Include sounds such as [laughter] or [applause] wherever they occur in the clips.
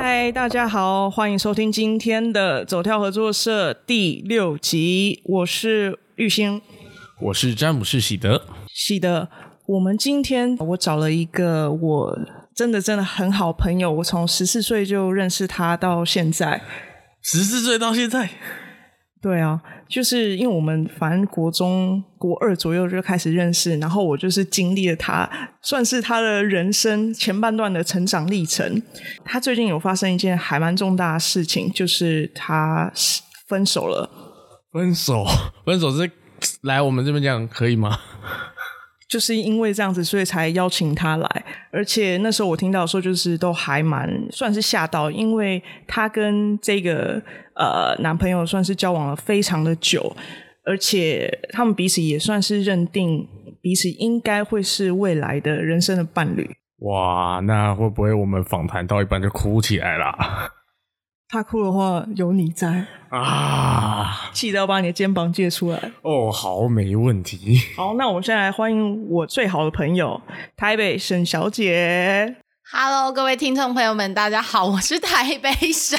嗨，大家好，歡迎收聽今天的走跳合作社第六集。我是玉星，我是詹姆士喜德。喜德，我們今天，我找了一個我真的真的很好朋友，我從十四歲就認識他到現在，十四歲到現在。對啊，就是因為我們反正國中、國二左右就開始認識，然後我就是經歷了他，算是他的人生前半段的成長歷程。他最近有發生一件還蠻重大的事情，就是他分手了。分手，分手是來我們這邊講可以嗎？就是因為這樣子，所以才邀請他來。而且那時候我聽到說，就是都還蠻算是嚇到，因為他跟這個呃男朋友算是交往了非常的久，而且他們彼此也算是認定彼此應該會是未來的人生的伴侶。哇，那會不會我們訪談到一半就哭起來了？怕哭的話，有你在啊！記得要把你的肩膀借出來哦，好，沒問題。好，那我們現在來歡迎我最好的朋友，台北沈小姐。Hello，各位聽眾朋友們，大家好，我是台北沈。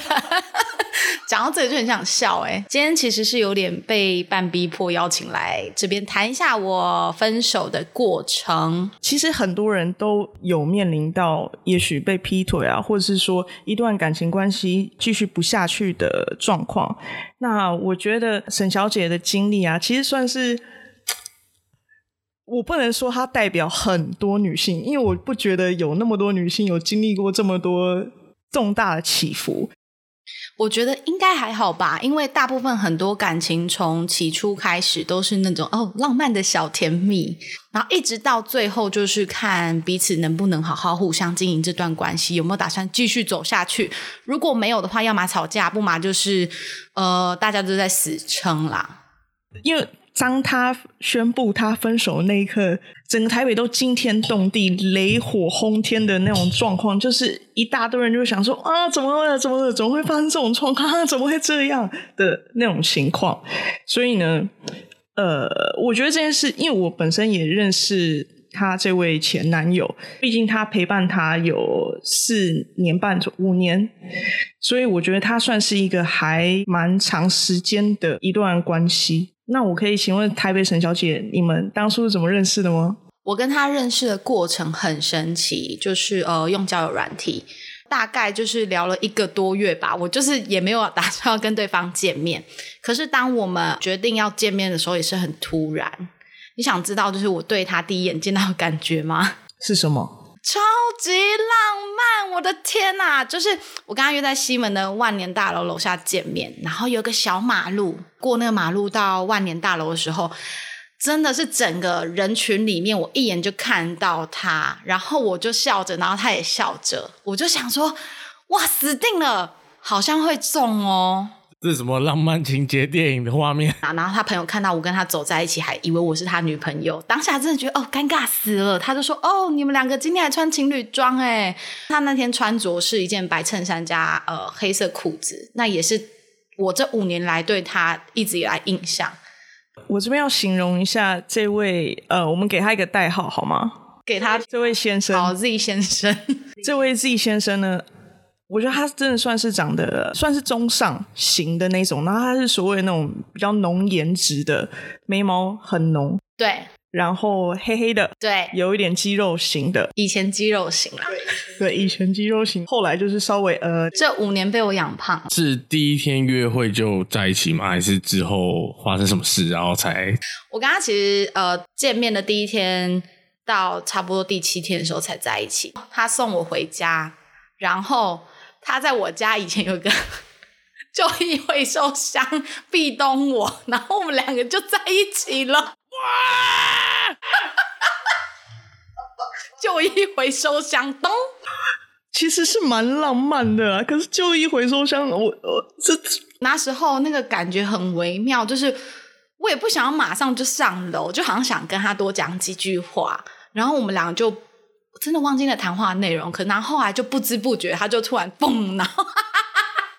[laughs] 講到這就很想笑哎。今天其實是有點被半逼迫邀請來這邊談一下我分手的過程。其實很多人都有面臨到，也許被劈腿啊，或者是說一段感情關係繼續不下去的狀況。那我覺得沈小姐的經歷啊，其實算是。我不能說它代表很多女性，因為我不覺得有那麼多女性有經歷過這麼多重大的起伏。我覺得應該還好吧，因為大部分很多感情從起初開始都是那種哦浪漫的小甜蜜，然後一直到最後就是看彼此能不能好好互相經營這段關係，有沒有打算繼續走下去。如果沒有的話，要麼吵架，不嘛就是呃大家都在死撐啦，因為。當他宣布他分手的那一刻，整個台北都驚天動地、雷火轟天的那種狀況，就是一大堆人就想說啊，怎麼了？怎麼了？怎麼會發生這種狀況？啊？怎麼會這樣的那種情況？所以呢，呃，我覺得這件事，因為我本身也認識他這位前男友，畢竟他陪伴他有四年半、五年，所以我覺得他算是一個還蠻長時間的一段關係。那我可以請問台北沈小姐，你們當初是怎麼認識的嗎？我跟他認識的過程很神奇，就是呃，用交友軟體，大概就是聊了一個多月吧。我就是也沒有打算要跟對方見面，可是當我們決定要見面的時候，也是很突然。你想知道就是我對他第一眼見到的感覺嗎？是什麼？超級浪漫，我的天哪，啊！就是我剛剛約在西門的萬年大樓樓下見面，然後有個小馬路，過那個馬路到萬年大樓的時候，真的是整個人群裡面，我一眼就看到他，然後我就笑着，然後他也笑着，我就想說，哇，死定了，好像會中哦。這是什麼浪漫情節電影的畫面啊？然後他朋友看到我跟他走在一起，還以為我是他女朋友。當下真的覺得哦，尷尬死了。他就說：“哦，你們兩個今天還穿情侶裝哎。”他那天穿着是一件白襯衫加呃黑色褲子，那也是我這五年來對他一直以來印象。我這邊要形容一下這位呃，我們給他一個代號好嗎？給他這位先生，好，Z 先生。這位 Z 先生呢？我覺得他真的算是長得算是中上型的那種，然後他是所謂那種比較濃顏值的，眉毛很濃，對，然後黑黑的，對，有一點肌肉型的，以前肌肉型了、啊，對， [laughs] 對，以前肌肉型，後來就是稍微呃，這五年被我養胖。是第一天約會就在一起嗎？還是之後發生什麼事然後才？我跟他其實呃見面的第一天到差不多第七天的時候才在一起，他送我回家，然後。他在我家以前有一個舊 [laughs] 衣回收箱，壁咚我，然後我們兩個就在一起了。哇！舊衣回收箱咚，其實是蠻浪漫的啊，可是舊衣回收箱，我我、呃、這那時候那個感覺很微妙，就是我也不想要馬上就上樓，就好像想跟他多講幾句話，然後我們兩個就。真的忘記了談話內容，可然後，後來就不知不覺，他就突然崩了。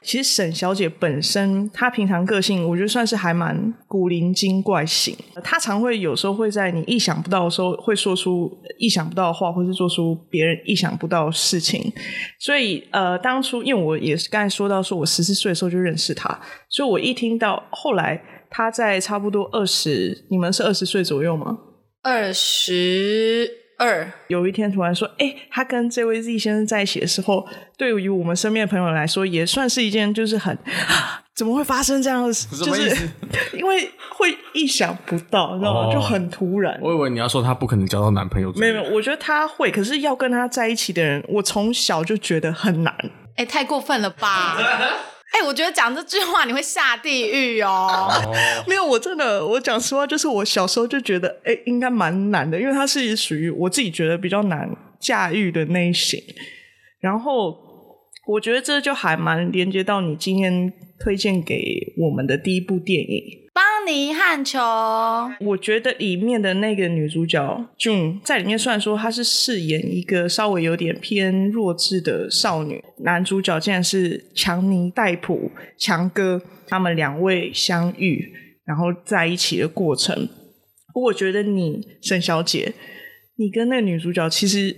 其實沈小姐本身，她平常個性，我覺得算是還蠻古靈精怪型。呃，她常會有時候會在你意想不到的時候，會說出意想不到的話，或是做出別人意想不到的事情。所以，呃，當初因為我也是剛才說到，說我十四歲的時候就認識她，所以我一聽到後來她在差不多二十，你們是二十歲左右嗎？二十。二有一天突然說：“哎、欸，他跟這位 Z 先生在一起的時候，對於我們身邊的朋友來說，也算是一件就是很、啊、怎麼會發生這樣的事？什麼意思？就是因為會意想不到，你知道嗎？就很突然。我以為你要說他不可能交到男朋友之類，沒有沒有，我覺得他會，可是要跟他在一起的人，我從小就覺得很難。哎、欸，太過分了吧！” [laughs] 哎、欸，我覺得講這句話你會下地獄哦！Oh. 沒有，我真的，我講實話，就是我小時候就覺得，哎、欸，應該蠻難的，因為它是屬於我自己覺得比較難駕馭的類型。然後，我覺得這就還蠻連接到你今天推薦給我們的第一部電影。邦尼漢瓊，我覺得裡面的那個女主角就，在裡面，雖然說她是飾演一個稍微有點偏弱智的少女，男主角竟然是強尼戴普強哥，他們兩位相遇然後在一起的過程。我覺得你沈小姐，你跟那個女主角其實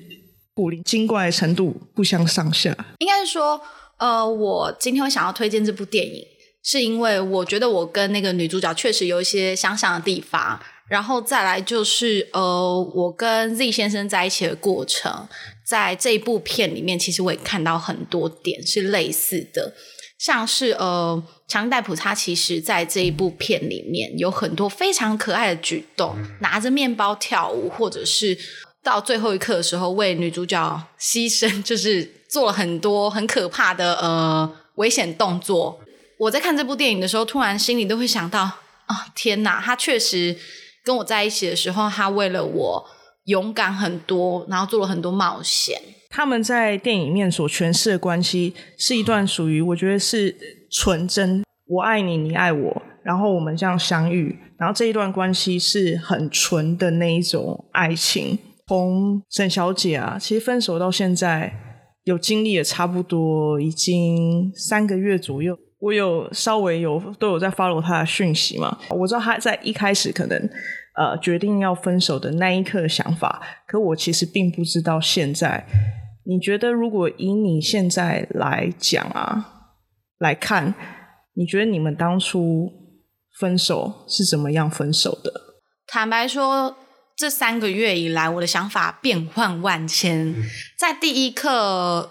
古靈精怪的程度不相上下。應該是說，呃，我今天會想要推薦這部電影。是因為我覺得我跟那個女主角確實有一些相像的地方，然後再來就是呃，我跟 Z 先生在一起的過程，在這一部片裡面，其實我也看到很多點是類似的，像是呃，強戴普他其實在這一部片裡面有很多非常可愛的舉動，拿着麵包跳舞，或者是到最後一刻的時候為女主角犧牲，就是做了很多很可怕的呃危險動作。我在看這部電影的時候，突然心裡都會想到啊、哦，天哪，他確實跟我在一起的時候，他為了我勇敢很多，然後做了很多冒險。他們在電影裡面所詮釋的關係，是一段屬於我覺得是純真，我愛你，你愛我，然後我們這樣相遇，然後這一段關係是很純的那一種愛情。從沈小姐啊，其實分手到現在有經歷也差不多已經三個月左右。我有稍微有都有在 follow 他的訊息嘛？我知道他在一開始可能呃決定要分手的那一刻的想法，可我其實並不知道現在。你覺得如果以你現在來講啊來看，你覺得你們當初分手是怎麼樣分手的？坦白說，這三個月以來，我的想法變幻萬千。嗯。在第一刻。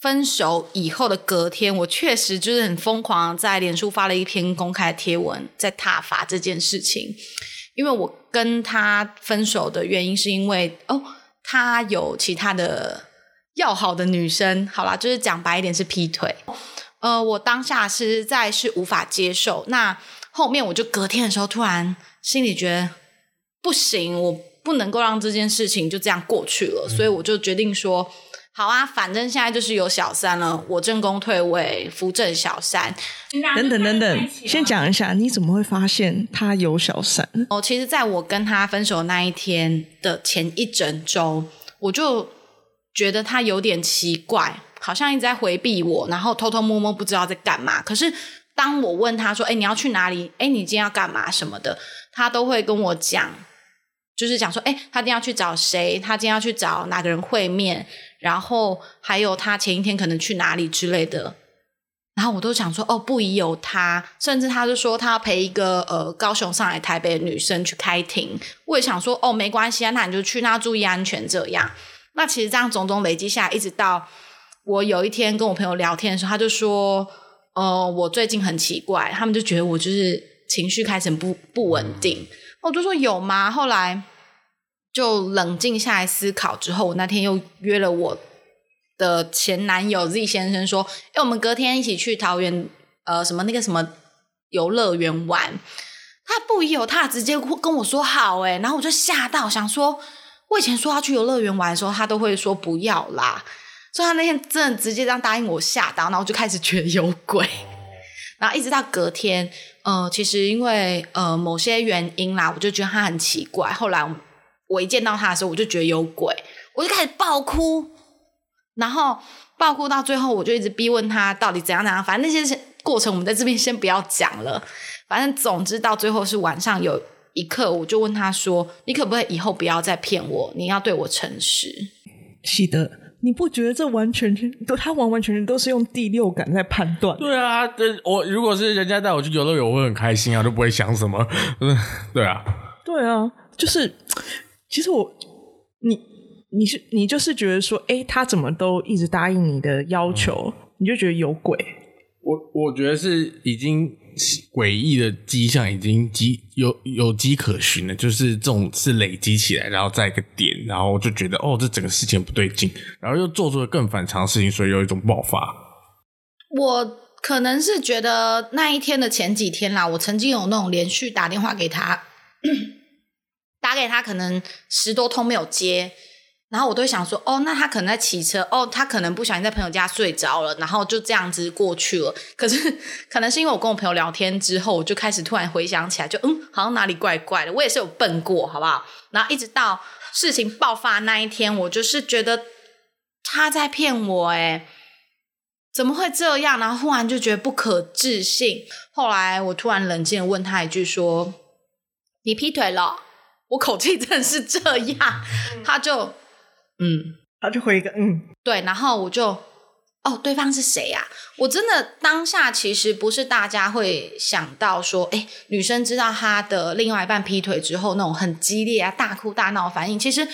分手以後的隔天，我確實就是很瘋狂，在臉書發了一篇公開貼文，在撻伐這件事情。因為我跟他分手的原因是因為，哦，他有其他的要好的女生，好啦，就是講白一點是劈腿。呃，我當下實在是無法接受，那後面我就隔天的時候，突然心裡覺得不行，我不能夠讓這件事情就這樣過去了，嗯。所以我就決定說。好啊，反正現在就是有小三了，我正宮退位扶正小三。等等等等，先講一下，你怎麼會發現他有小三？哦，其實，在我跟他分手那一天的前一整周，我就覺得他有點奇怪，好像一直在回避我，然後偷偷摸摸不知道在幹嘛。可是，當我問他說：“哎，你要去哪裡？哎，你今天要幹嘛？”什麼的，他都會跟我講。就是講說，誒他今天要去找誰？他今天要去找哪個人會面？然後還有他前一天可能去哪裡之類的。然後我都想說，哦，不疑有他。甚至他就說，他要陪一個呃，高雄上來台北的女生去開庭。我也想說，哦，沒關係啊，那你就去那，注意安全。這樣。那其實這樣種種累積下來，一直到我有一天跟我朋友聊天的時候，他就說，哦、呃、我最近很奇怪，他們就覺得我就是情緒開始很不不穩定。我、哦、就說，有嗎？後來。就冷靜下來思考之後，我那天又約了我的前男友 Z 先生說：“哎、欸，我們隔天一起去桃園，呃，什麼那個什麼遊樂園玩。”他不有，他直接會跟我說好、欸：“好誒，然後我就嚇到，想說：“我以前說要去遊樂園玩的時候，他都會說不要啦。”所以，他那天真的直接這樣答應我，嚇到，然後就開始覺得有鬼。然後一直到隔天，呃，其實因為呃某些原因啦，我就覺得他很奇怪。後來我一見到他的時候，我就覺得有鬼，我就開始爆哭，然後爆哭到最後，我就一直逼問他到底怎樣怎樣。反正那些過程，我們在這邊先不要講了。反正總之到最後是晚上有一刻，我就問他說：“你可不可以以後不要再騙我？你要對我誠實。”是的，你不覺得這完全都他完完全全都是用第六感在判斷？對啊，對我如果是人家帶我去遊樂園，我會很開心啊，都不會想什麼。 [laughs] 對啊，對啊，就是。其實我，你你是你就是覺得說，哎、欸，他怎麼都一直答應你的要求，嗯、你就覺得有鬼。我我覺得是已經詭異的跡象，已經有有跡可循了，就是這種是累積起來，然後再一個點，然後我就覺得哦，這整個事情不對勁，然後又做出了更反常的事情，所以有一種爆發。我可能是覺得那一天的前幾天啦，我曾經有那種連續打電話給他。 [coughs] 打給他，可能十多通沒有接，然後我都會想說，哦，那他可能在騎車，哦，他可能不小心在朋友家睡着了，然後就這樣子過去了。可是，可能是因為我跟我朋友聊天之後，我就開始突然回想起來，就嗯，好像哪裡怪怪的。我也是有笨過，好不好？然後一直到事情爆發那一天，我就是覺得他在騙我誒，誒怎麼會這樣？然後忽然就覺得不可置信。後來我突然冷靜地問他一句，說：“你劈腿了？”我口氣真的是這樣，他就，嗯，嗯他就回一個嗯，對，然後我就，哦，對方是誰呀？我真的當下其實不是大家會想到說，哎，女生知道她的另外一半劈腿之後那種很激烈啊、大哭大鬧反應，其實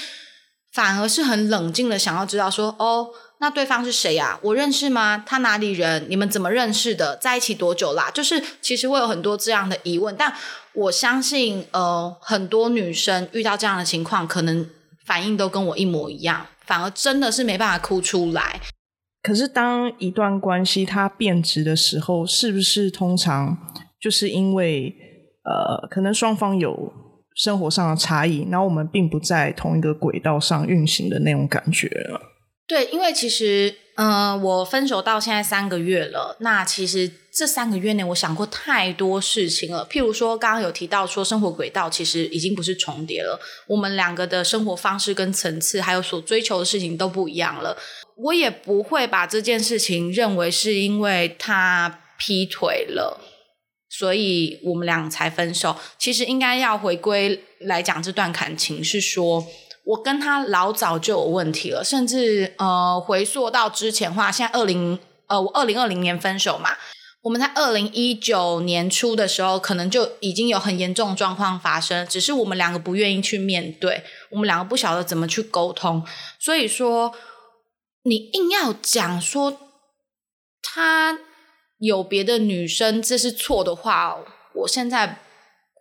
反而是很冷靜的想要知道說，哦，那對方是誰呀？我認識嗎？他哪裡人？你們怎麼認識的？在一起多久啦？就是其實會有很多這樣的疑問，但。我相信，呃，很多女生遇到這樣的情況，可能反應都跟我一模一樣，反而真的是沒辦法哭出來。可是，當一段關係它變質的時候，是不是通常就是因為，呃，可能雙方有生活上的差異，然後我們並不在同一個軌道上運行的那種感覺了？對，因為其實，嗯、呃，我分手到現在三個月了，那其實。這三個月內，我想過太多事情了。譬如說，剛剛有提到說，生活軌道其實已經不是重疊了。我們兩個的生活方式跟層次，還有所追求的事情都不一樣了。我也不會把這件事情認為是因為他劈腿了，所以我們倆才分手。其實應該要回歸來講這段感情，是說我跟他老早就有問題了。甚至呃，回溯到之前的話，現在二零呃，我二零二零年分手嘛。我們在二零一九年初的時候，可能就已經有很嚴重的狀況發生，只是我們兩個不願意去面對，我們兩個不曉得怎麼去溝通，所以說你硬要講說他有別的女生，這是錯的話，我現在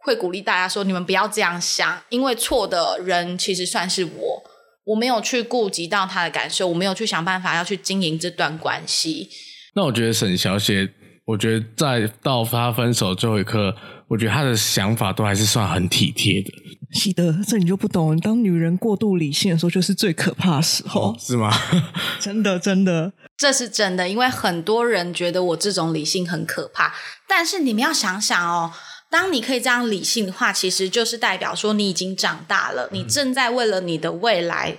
會鼓勵大家說，你們不要這樣想，因為錯的人其實算是我，我沒有去顧及到他的感受，我沒有去想辦法要去經營這段關係。那我覺得沈小姐。我覺得在到他分手最後一刻，我覺得他的想法都還是算很體貼的。是的，這你就不懂。當女人過度理性的時候，就是最可怕的時候，哦、是嗎？ [laughs] 真的，真的，這是真的。因為很多人覺得我這種理性很可怕，但是你們要想想哦，當你可以這樣理性的話，其實就是代表說你已經長大了，嗯、你正在為了你的未來。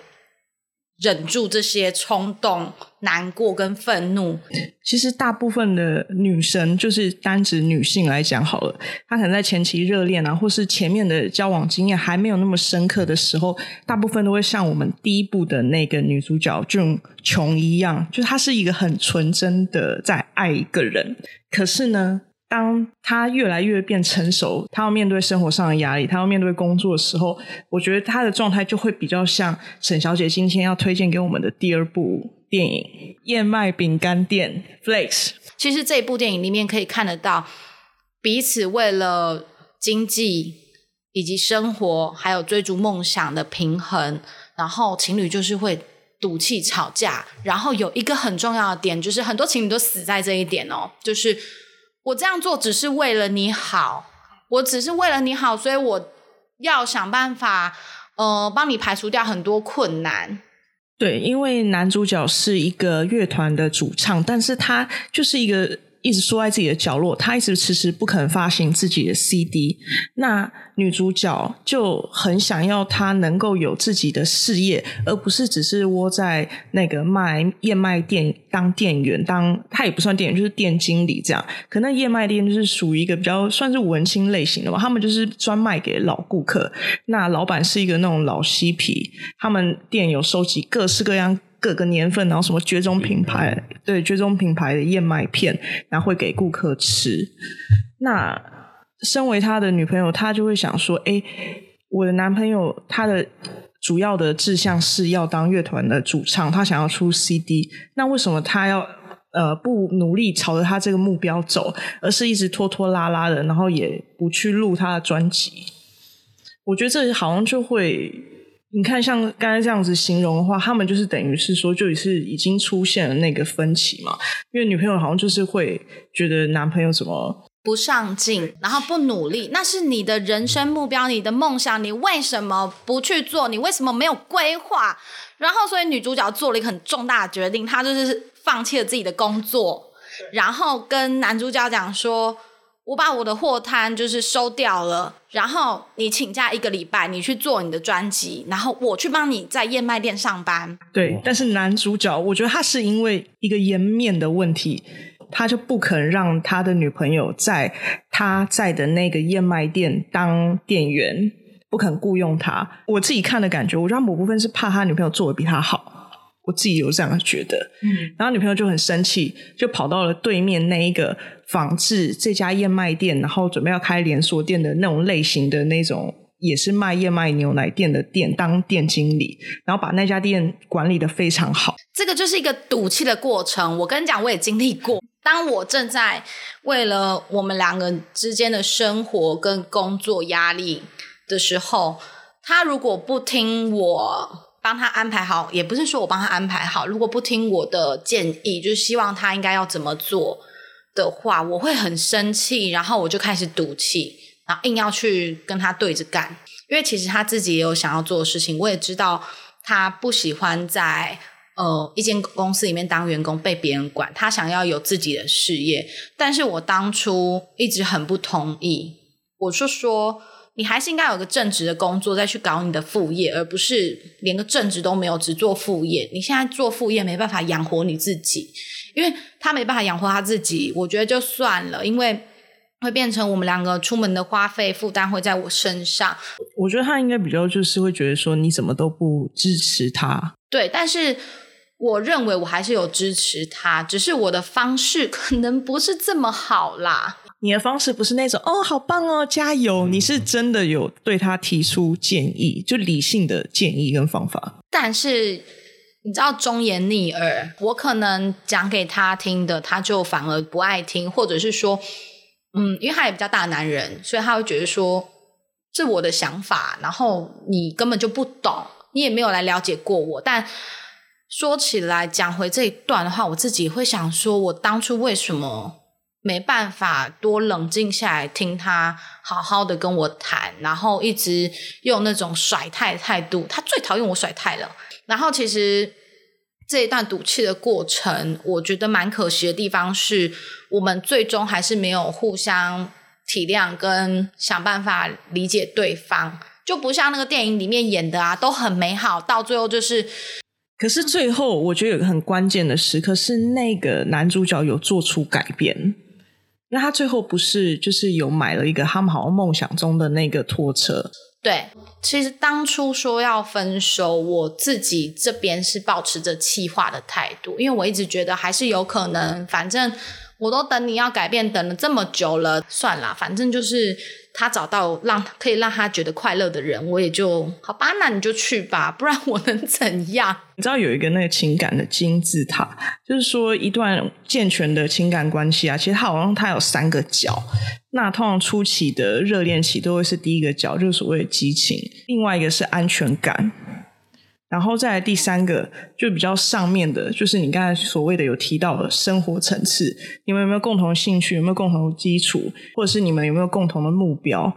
忍住這些衝動、難過跟憤怒。其實大部分的女生，就是單指女性來講好了。她可能在前期熱戀啊，或是前面的交往經驗還沒有那麼深刻的時候，大部分都會像我們第一部的那個女主角俊瓊一樣，就她是一個很純真的在愛一個人。可是呢。當他越來越變成熟，他要面對生活上的壓力，他要面對工作的時候，我覺得他的狀態就會比較像沈小姐今天要推薦給我們的第二部電影《燕麥餅乾店》（Flakes）。其實這部電影裡面可以看得到彼此為了經濟以及生活，還有追逐夢想的平衡，然後情侶就是會賭氣吵架。然後有一個很重要的點，就是很多情侶都死在這一點哦，就是。我這樣做只是為了你好，我只是為了你好，所以我要想辦法，呃，幫你排除掉很多困難。對，因為男主角是一個樂團的主唱，但是他就是一個。一直縮在自己的角落，他一直遲遲不肯發行自己的 CD。那女主角就很想要他能夠有自己的事業，而不是只是窩在那個賣燕麥店當店員，當他也不算店員，就是店經理這樣。可那燕麥店就是屬於一個比較算是文青類型的吧，他們就是專賣給老顧客。那老板是一個那種老嬉皮，他們店有收集各式各樣。各個年份，然後什麼絕種品牌，對絕種品牌的燕麥片，然後會給顧客吃。那身為他的女朋友，他就會想說，哎，我的男朋友他的主要的志向是要當樂團的主唱，他想要出 CD，那為什麼他要呃不努力朝着他這個目標走，而是一直拖拖拉拉的，然後也不去錄他的專輯？我覺得這好像就會。你看，像剛才這樣子形容的話，他們就是等於是說，就是已經出現了那個分歧嘛。因為女朋友好像就是會覺得男朋友什麼不上進，然後不努力，那是你的人生目標，你的夢想，你為什麼不去做？你為什麼沒有規劃？然後，所以女主角做了一個很重大的決定，她就是放棄了自己的工作，然後跟男主角講說。我把我的貨攤就是收掉了，然後你請假一個禮拜，你去做你的專輯，然後我去幫你在燕麥店上班。對，但是男主角我覺得他是因為一個顏面的問題，他就不肯讓他的女朋友在他在的那個燕麥店當店員，不肯僱傭他。我自己看的感覺，我覺得他某部分是怕他女朋友做的比他好，我自己有這樣覺得。嗯，然後女朋友就很生氣，就跑到了對面那一個。仿制這家燕麥店，然後準備要開連鎖店的那種類型的那種，也是賣燕麥牛奶店的店當店經理，然後把那家店管理得非常好。這個就是一個賭氣的過程。我跟你講，我也經歷過。當我正在為了我們兩個之間的生活跟工作壓力的時候，他如果不聽我幫他安排好，也不是說我幫他安排好，如果不聽我的建議，就是希望他應該要怎麼做。的話，我會很生氣，然後我就開始賭氣，然後硬要去跟他對着幹。因為其實他自己也有想要做的事情，我也知道他不喜歡在呃一間公司裡面當員工被別人管，他想要有自己的事業。但是我當初一直很不同意，我就說，你還是應該有個正職的工作再去搞你的副業，而不是連個正職都沒有只做副業。你現在做副業沒辦法養活你自己，因為他沒辦法養活他自己，我覺得就算了，因為會變成我們兩個出門的花費負擔會在我身上。我覺得他應該比較就是會覺得說，你什麼都不支持他，對，但是我認為我還是有支持他，只是我的方式可能不是這麼好啦。你的方式不是那種哦，好棒哦，加油！你是真的有對他提出建議，就理性的建議跟方法。但是你知道，忠言逆耳，我可能講給他聽的，他就反而不愛聽，或者是說，嗯，因為他也比較大的男人，所以他會覺得說，這是我的想法，然後你根本就不懂，你也沒有來了解過我。但說起來，講回這一段的話，我自己會想說，我當初為什麼沒辦法多冷靜下來聽他好好的跟我談，然後一直用那種甩態的態度，他最討厭我甩態了。然後其實這一段賭氣的過程，我覺得蠻可惜的地方是，我們最終還是沒有互相體諒跟想辦法理解對方，就不像那個電影裡面演的啊，都很美好，到最後就是，可是最後我覺得有個很關鍵的時刻是，那個男主角有做出改變。那他最後不是就是有買了一個他們好像夢想中的那個拖車。對，其實當初說要分手，我自己這邊是抱持著氣話的態度，因為我一直覺得還是有可能，嗯、反正。我都等你要改變，等了這麼久了，算了，反正就是他找到讓可以讓他覺得快樂的人，我也就好吧。那你就去吧，不然我能怎樣？你知道有一個那個情感的金字塔，就是說一段健全的情感關係啊，其實它好像它有三個角。那通常初期的熱戀期都會是第一個角，就是所謂的激情，另外一個是安全感。然後再來第三個，就比較上面的，就是你剛才所謂的有提到的生活層次，你們有沒有共同的興趣，有沒有共同的基礎，或者是你們有沒有共同的目標？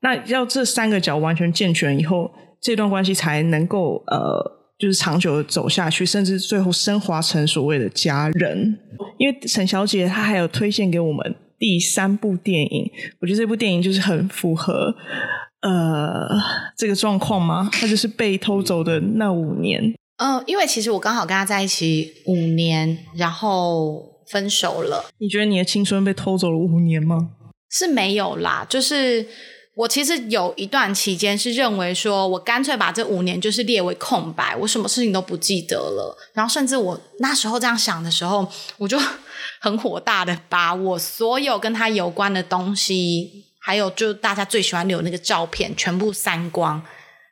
那要這三個角完全健全以後，這段關係才能夠呃，就是長久的走下去，甚至最後升華成所謂的家人。因為沈小姐她還有推薦給我們。第三部電影，我覺得這部電影就是很符合，呃，這個狀況嘛，它就是被偷走的那五年。嗯、呃，因為其實我剛好跟他在一起五年，然後分手了。你覺得你的青春被偷走了五年嗎？是沒有啦，就是。我其實有一段期間是認為說，我乾脆把這五年就是列為空白，我什麼事情都不記得了。然後，甚至我那時候這樣想的時候，我就很火大的把我所有跟他有關的東西，還有就大家最喜歡留那個照片，全部刪光。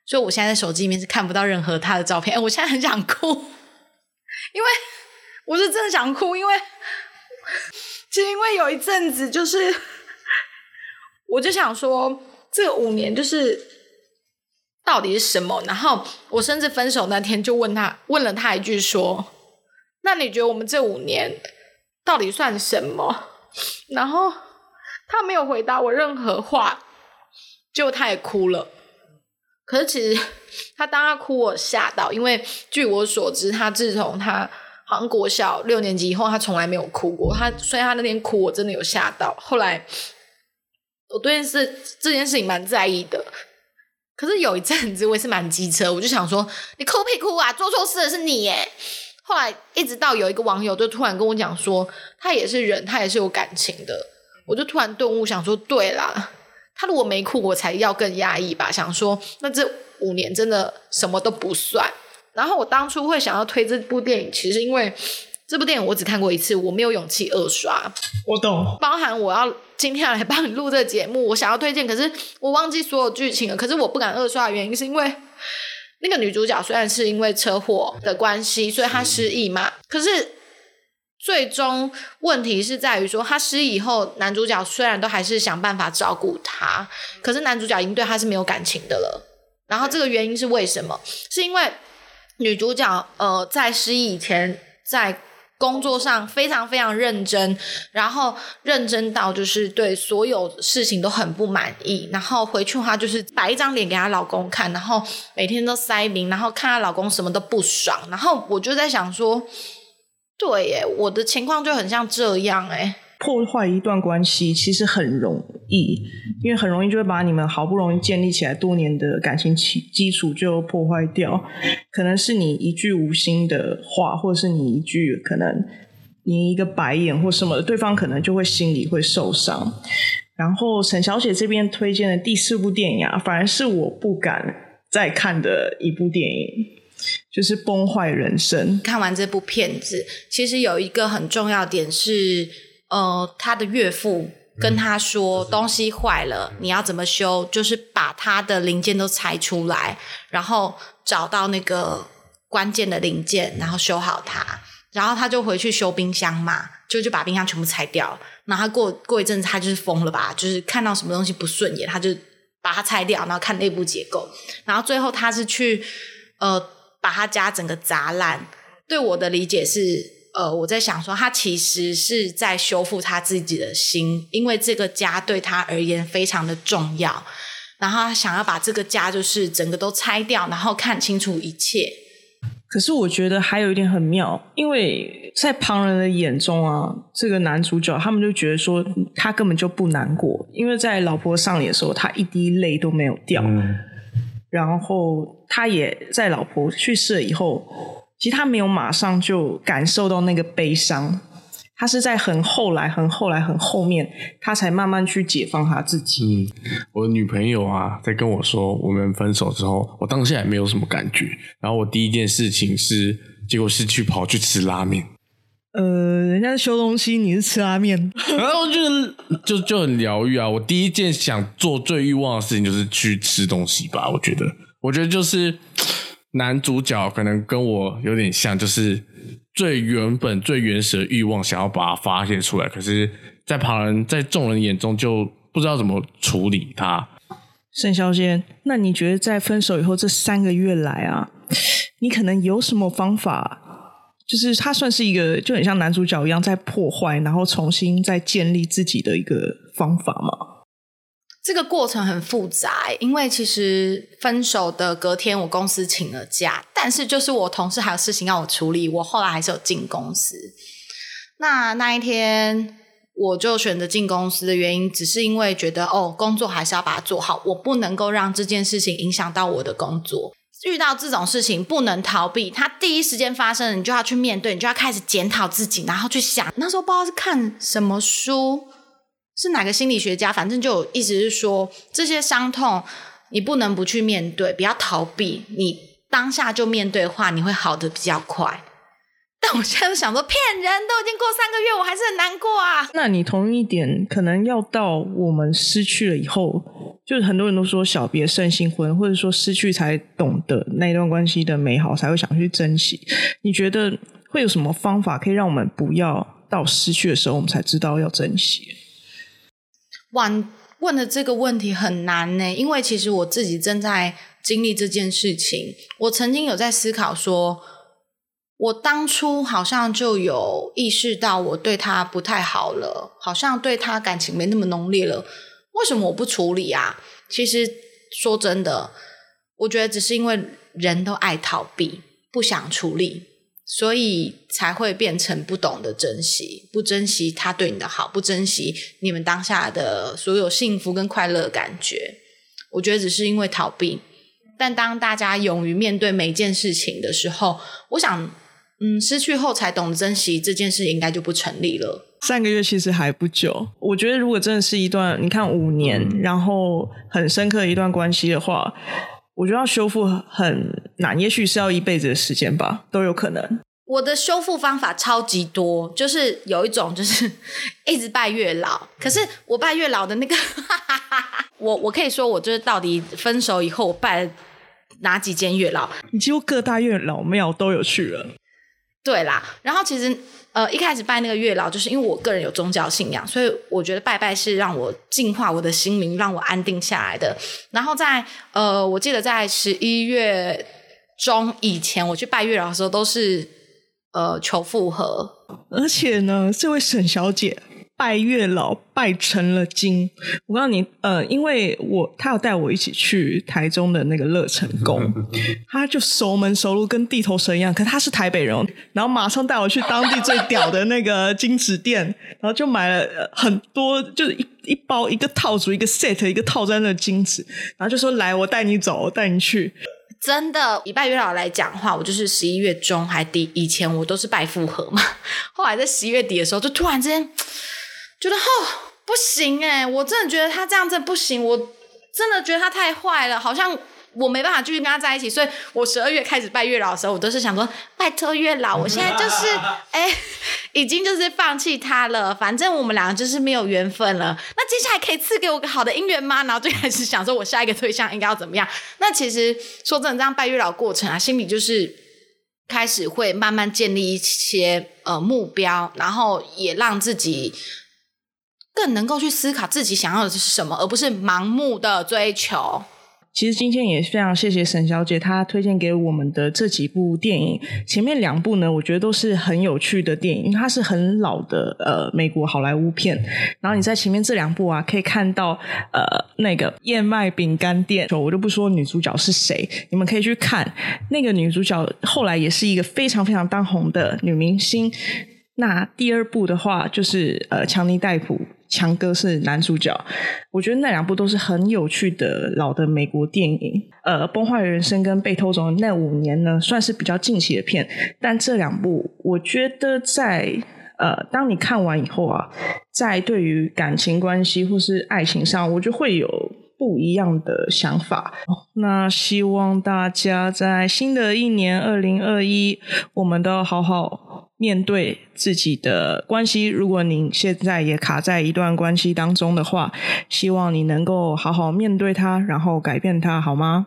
所以我現在在手機裡面是看不到任何他的照片。哎，我現在很想哭，因為我是真的想哭，因為其實因為有一陣子，就是我就想說。這五年就是到底是什麼？然後我甚至分手那天就問他，問了他一句說：“那你覺得我們這五年到底算什麼？”然後他沒有回答我任何話，就他也哭了。可是其實他當他哭我，我嚇到，因為據我所知，他自從他好像國小六年級以後，他從來沒有哭過。他所以，他那天哭，我真的有嚇到。後來。我對這件事，這件事情蠻在意的。可是有一陣子，我也是蠻機車，我就想說，你哭屁哭啊，做錯事的是你耶。後來一直到有一個網友，就突然跟我講說，他也是人，他也是有感情的。我就突然頓悟，想說，對啦，他如果沒哭，我才要更壓抑吧。想說，那這五年真的什麼都不算。然後我當初會想要推這部電影，其實因為。這部電影我只看過一次，我沒有勇氣二刷。我懂，包含我要今天要來幫你錄這個節目，我想要推薦，可是我忘記所有劇情了。可是我不敢二刷的原因，是因為那個女主角雖然是因為車禍的關係，所以她失憶嘛。可是最終問題是在於說，她失憶以後，男主角雖然都還是想辦法照顧她，可是男主角已經對她是沒有感情的了。然後這個原因是為什麼？是因為女主角呃，在失憶以前，在工作上非常非常認真，然後認真到就是對所有事情都很不滿意，然後回去的話就是擺一張臉給她老公看，然後每天都塞零，然後看她老公什麼都不爽，然後我就在想說，對耶，我的情況就很像這樣，誒。破壞一段關係其實很容易，因為很容易就會把你們好不容易建立起來多年的感情基礎就破壞掉。可能是你一句無心的話，或是你一句可能你一個白眼或什麼，對方可能就會心裡會受傷。然後沈小姐這邊推薦的第四部電影啊，反而是我不敢再看的一部電影，就是《崩壞人生》。看完這部片子，其實有一個很重要點是。呃，他的岳父跟他說、嗯：“東西壞了，你要怎麼修？就是把他的零件都拆出來，然後找到那個關鍵的零件，然後修好它。然後他就回去修冰箱嘛，就就把冰箱全部拆掉。然後過過一陣子，他就是瘋了吧？就是看到什麼東西不順眼，他就把它拆掉，然後看內部結構。然後最後，他是去呃，把他家整個砸爛。對我的理解是。”呃，我在想說，他其實是在修復他自己的心，因為這個家對他而言非常的重要。然後他想要把這個家就是整個都拆掉，然後看清楚一切。可是我覺得還有一點很妙，因為在旁人的眼中啊，這個男主角他們就覺得說他根本就不難過，因為在老婆喪禮的時候，他一滴淚都沒有掉、嗯。然後他也在老婆去世了以後。其實他沒有馬上就感受到那個悲傷，他是在很後來、很後來、很後面，他才慢慢去解放他自己。嗯，我的女朋友啊，在跟我說我們分手之後，我當下也沒有什麼感覺。然後我第一件事情是，結果是去跑去吃拉麵。呃，人家是修東西，你是吃拉麵， [laughs] 然後就就就很療癒啊。我第一件想做最欲望的事情就是去吃東西吧。我覺得，我覺得就是。男主角可能跟我有點像，就是最原本、最原始的欲望，想要把它發洩出來，可是，在旁人在眾人眼中就不知道怎麼處理他。沈小姐，那你覺得在分手以後這三個月來啊，你可能有什麼方法？就是他算是一個，就很像男主角一樣，在破壞，然後重新再建立自己的一個方法嗎？這個過程很複雜，因為其實分手的隔天我公司請了假，但是就是我同事還有事情要我處理，我後來還是有進公司。那那一天我就選擇進公司的原因，只是因為覺得哦，工作還是要把它做好，我不能夠讓這件事情影響到我的工作。遇到這種事情不能逃避，它第一時間發生了，你就要去面對，你就要開始檢討自己，然後去想，那時候不知道是看什麼書。是哪個心理學家？反正就一直是說，這些傷痛你不能不去面對，不要逃避。你當下就面對的話，你會好得比較快。但我現在都想說，騙人都已經過三個月，我還是很難過啊。那你同意一點，可能要到我們失去了以後，就是很多人都說“小別勝新婚”，或者說失去才懂得那一段關係的美好，才會想去珍惜。 [laughs] 你覺得會有什麼方法可以讓我們不要到失去的時候，我們才知道要珍惜？問問的這個問題很難呢、欸，因為其實我自己正在經歷這件事情。我曾經有在思考說，我當初好像就有意識到我對他不太好了，好像對他感情沒那麼濃烈了。為什麼我不處理啊？其實說真的，我覺得只是因為人都愛逃避，不想處理。所以才會變成不懂得珍惜，不珍惜他對你的好，不珍惜你們當下的所有幸福跟快樂感覺。我覺得只是因為逃避。但當大家勇於面對每一件事情的時候，我想，嗯，失去後才懂得珍惜這件事，應該就不成立了。三個月其實還不久，我覺得如果真的是一段你看五年、嗯，然後很深刻的一段關係的話。我覺得要修復很難，也許是要一輩子的時間吧，都有可能。我的修復方法超級多，就是有一種就是一直拜月老，可是我拜月老的那個， [laughs] 我我可以說我就是到底分手以後我拜了哪幾間月老？你幾乎各大月老廟都有去了，對啦。然後其實。呃，一開始拜那個月老，就是因為我個人有宗教信仰，所以我覺得拜拜是讓我淨化我的心靈，讓我安定下來的。然後在呃，我記得在十一月中以前，我去拜月老的時候，都是呃求復合，而且呢，這位沈小姐。拜月老，拜成了金。我告訴你，呃，因為我他有帶我一起去台中的那個樂成宮，他就熟門熟路，跟地頭蛇一樣。可是他是台北人，然後馬上帶我去當地最屌的那個金紙店， [laughs] 然後就買了很多，就是一一包一個套組，一個 set 一個套裝的金紙，然後就說：“來，我帶你走，我帶你去。”真的，以拜月老來講的話，我就是十一月中還底以前，我都是拜復合嘛。後來在十一月底的時候，就突然之間。覺得哦，不行，誒，我真的覺得他這樣子不行，我真的覺得他太壞了，好像我沒辦法繼續跟他在一起。所以我十二月開始拜月老的時候，我都是想說拜托月老，我現在就是誒、欸、已經就是放棄他了，反正我們兩個就是沒有緣分了。那接下來可以賜給我個好的姻緣嗎？然後最開始想說，我下一個對象應該要怎麼樣？那其實說真的，這樣拜月老過程啊，心裡就是開始會慢慢建立一些呃目標，然後也讓自己。更能夠去思考自己想要的是什麼，而不是盲目的追求。其實今天也非常謝謝沈小姐她推薦給我們的這幾部電影。前面兩部呢，我覺得都是很有趣的電影，因為它是很老的呃美國好萊塢片。然後你在前面這兩部啊，可以看到呃那個燕麥餅乾店，我就不說女主角是誰，你們可以去看那個女主角後來也是一個非常非常當紅的女明星。那第二部的話就是呃強尼戴普。強哥是男主角，我覺得那兩部都是很有趣的老的美國電影。呃，《崩壞人生》跟《被偷走的那五年》呢，算是比較近期的片。但這兩部，我覺得在呃，當你看完以後啊，在對於感情關係或是愛情上，我就會有不一樣的想法。那希望大家在新的一年二零二一，我們都要好好，面對自己的關係，如果您現在也卡在一段關係當中的話，希望你能夠好好面對它，然後改變它，好嗎？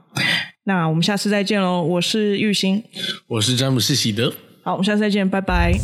那我們下次再見嘍！我是玉興，我是詹姆士喜德，好，我們下次再見，拜拜。